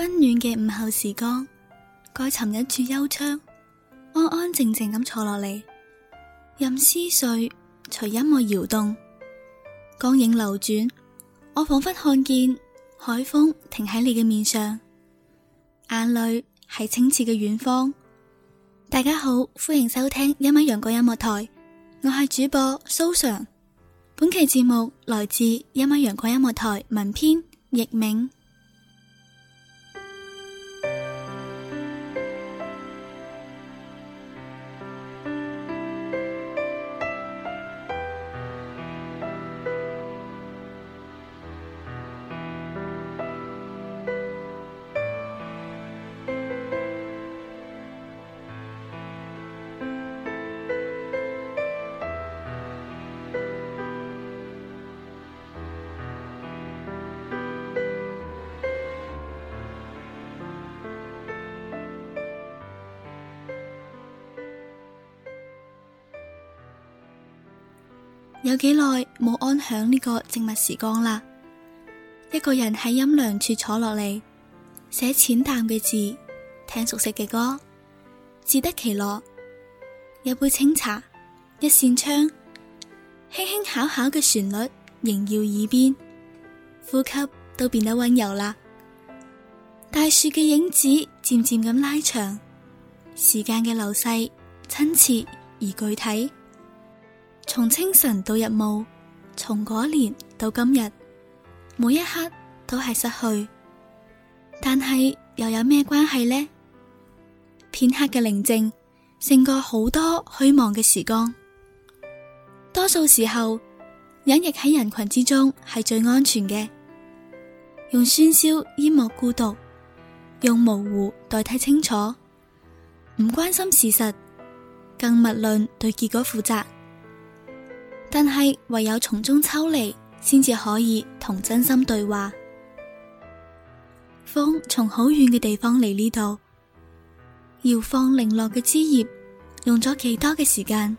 温暖嘅午後時光，蓋尋一處幽窗，安安靜靜咁坐落嚟，任思緒隨音樂搖動，光影流轉，我仿佛看見海風停喺你嘅面上，眼淚係清澈嘅遠方。大家好，歡迎收聽《一米陽光音樂台》，我係主播蘇常。本期節目來自《一米陽光音樂台》文篇譯名。有幾耐冇安享呢個靜默時光啦？一個人喺陰涼處坐落嚟，寫淺淡嘅字，聽熟悉嘅歌，自得其樂。一杯清茶，一扇窗，輕輕巧巧嘅旋律縈繞耳邊，呼吸都變得溫柔啦。大樹嘅影子漸漸咁拉長，時間嘅流逝親切而具體。從清晨到日暮，從嗰年到今日，每一刻都係失去。但係又有咩關係呢？片刻嘅寧靜，勝過好多虛妄嘅時光。多數時候，隱匿喺人群之中係最安全嘅。用喧囂淹沒孤獨，用模糊代替清楚，唔關心事實，更勿論對結果負責。但係唯有從中抽離，先至可以同真心對話。風從好遠嘅地方嚟呢度，搖晃零落嘅枝葉，用咗幾多嘅時間？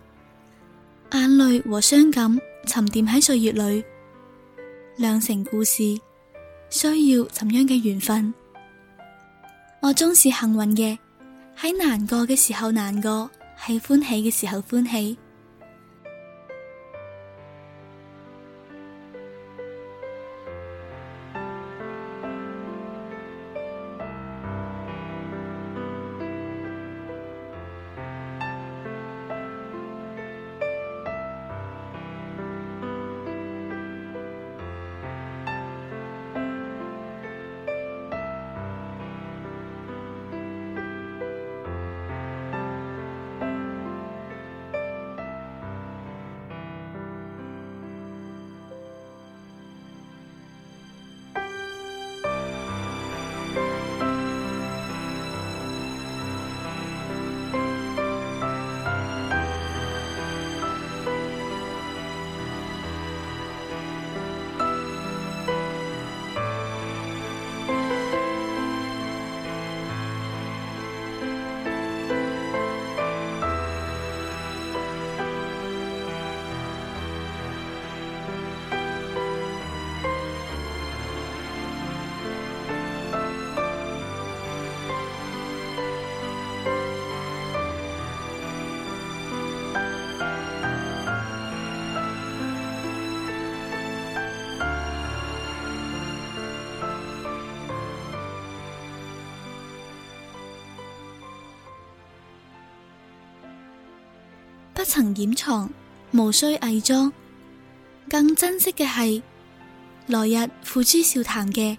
眼淚和傷感沉澱喺歲月裏，釀成故事，需要怎樣嘅緣分？我終是幸運嘅，喺難過嘅時候難過，喺歡喜嘅時候歡喜。不曾掩藏，無需偽裝。更珍惜嘅係，來日付諸笑談嘅，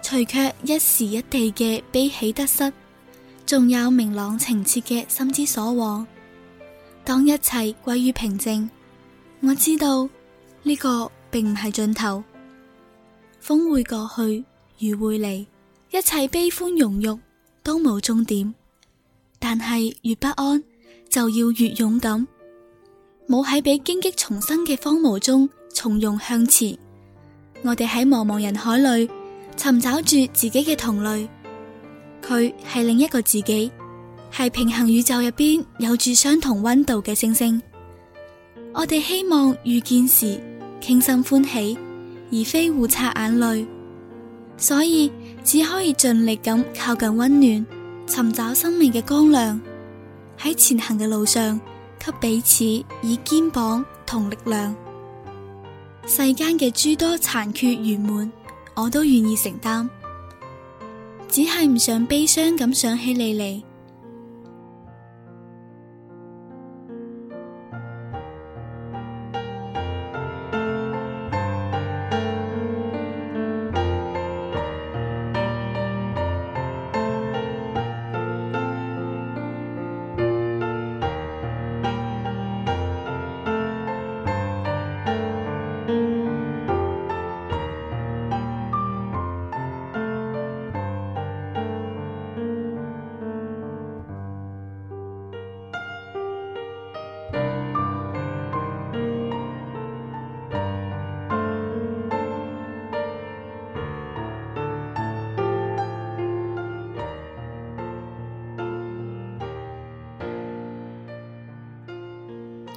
除卻一時一地嘅悲喜得失，仲有明朗澄澈嘅心之所往。當一切歸於平靜，我知道呢個並唔係盡頭。風會過去，雨會嚟，一切悲歡榮辱都冇終點。但係越不安，就要越勇敢。冇喺被荊棘叢生嘅荒蕪中從容向前，我哋喺茫茫人海裏尋找住自己嘅同類，佢係另一個自己，係平行宇宙入邊有住相同溫度嘅星星。我哋希望遇見時傾心歡喜，而非互擦眼淚，所以只可以盡力咁靠近溫暖，尋找生命嘅光亮。喺前行嘅路上。給彼此以肩膀同力量，世間嘅諸多殘缺圓滿，我都願意承擔，只係唔想悲傷咁想起你嚟。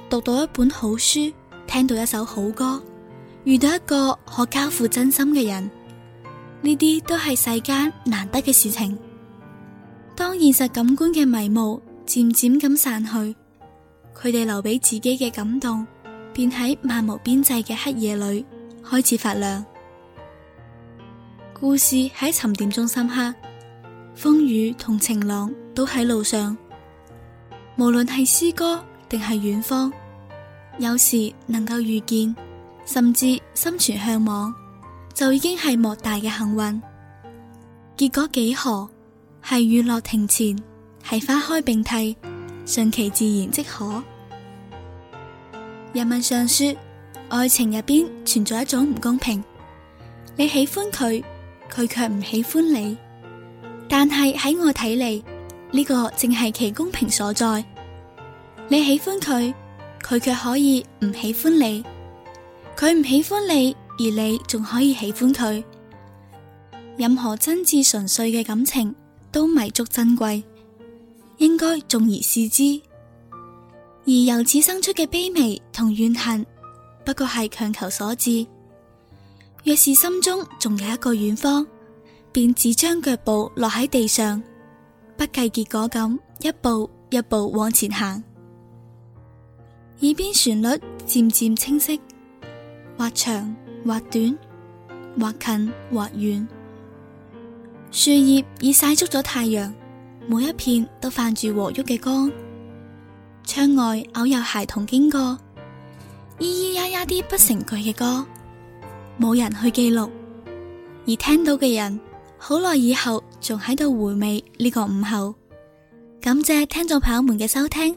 讀到一本好書，聽到一首好歌，遇到一個可交付真心嘅人，呢啲都係世間難得嘅事情。當現實感官嘅迷霧漸漸咁散去，佢哋留俾自己嘅感動，便喺漫無邊際嘅黑夜裏開始發亮。故事喺沉澱中深刻，風雨同晴朗都喺路上，無論係詩歌，定係遠方，有時能夠遇見，甚至心存向往，就已經係莫大嘅幸運。結果幾何？係雨落庭前，係花開並蒂，順其自然即可。人們常說，愛情入邊存在一種唔公平，你喜歡佢，佢卻唔喜歡你。但係喺我睇嚟，呢個正係其公平所在。你喜歡佢，佢卻可以唔喜歡你；佢唔喜歡你，而你仲可以喜歡佢。任何真摯純粹嘅感情都彌足珍貴，應該重而視之。而由此生出嘅卑微同怨恨，不過係強求所致。若是心中仲有一個遠方，便只將腳步落喺地上，不計結果咁，一步一步往前行。耳邊旋律漸漸清晰，或長或短，或近或遠。樹葉已曬足咗太陽，每一片都泛住和煦嘅光。窗外偶有孩童經過，咿咿呀呀啲不成句嘅歌，冇人去記錄，而聽到嘅人，好耐以後仲喺度回味呢個午後。感謝聽眾朋友們嘅收聽。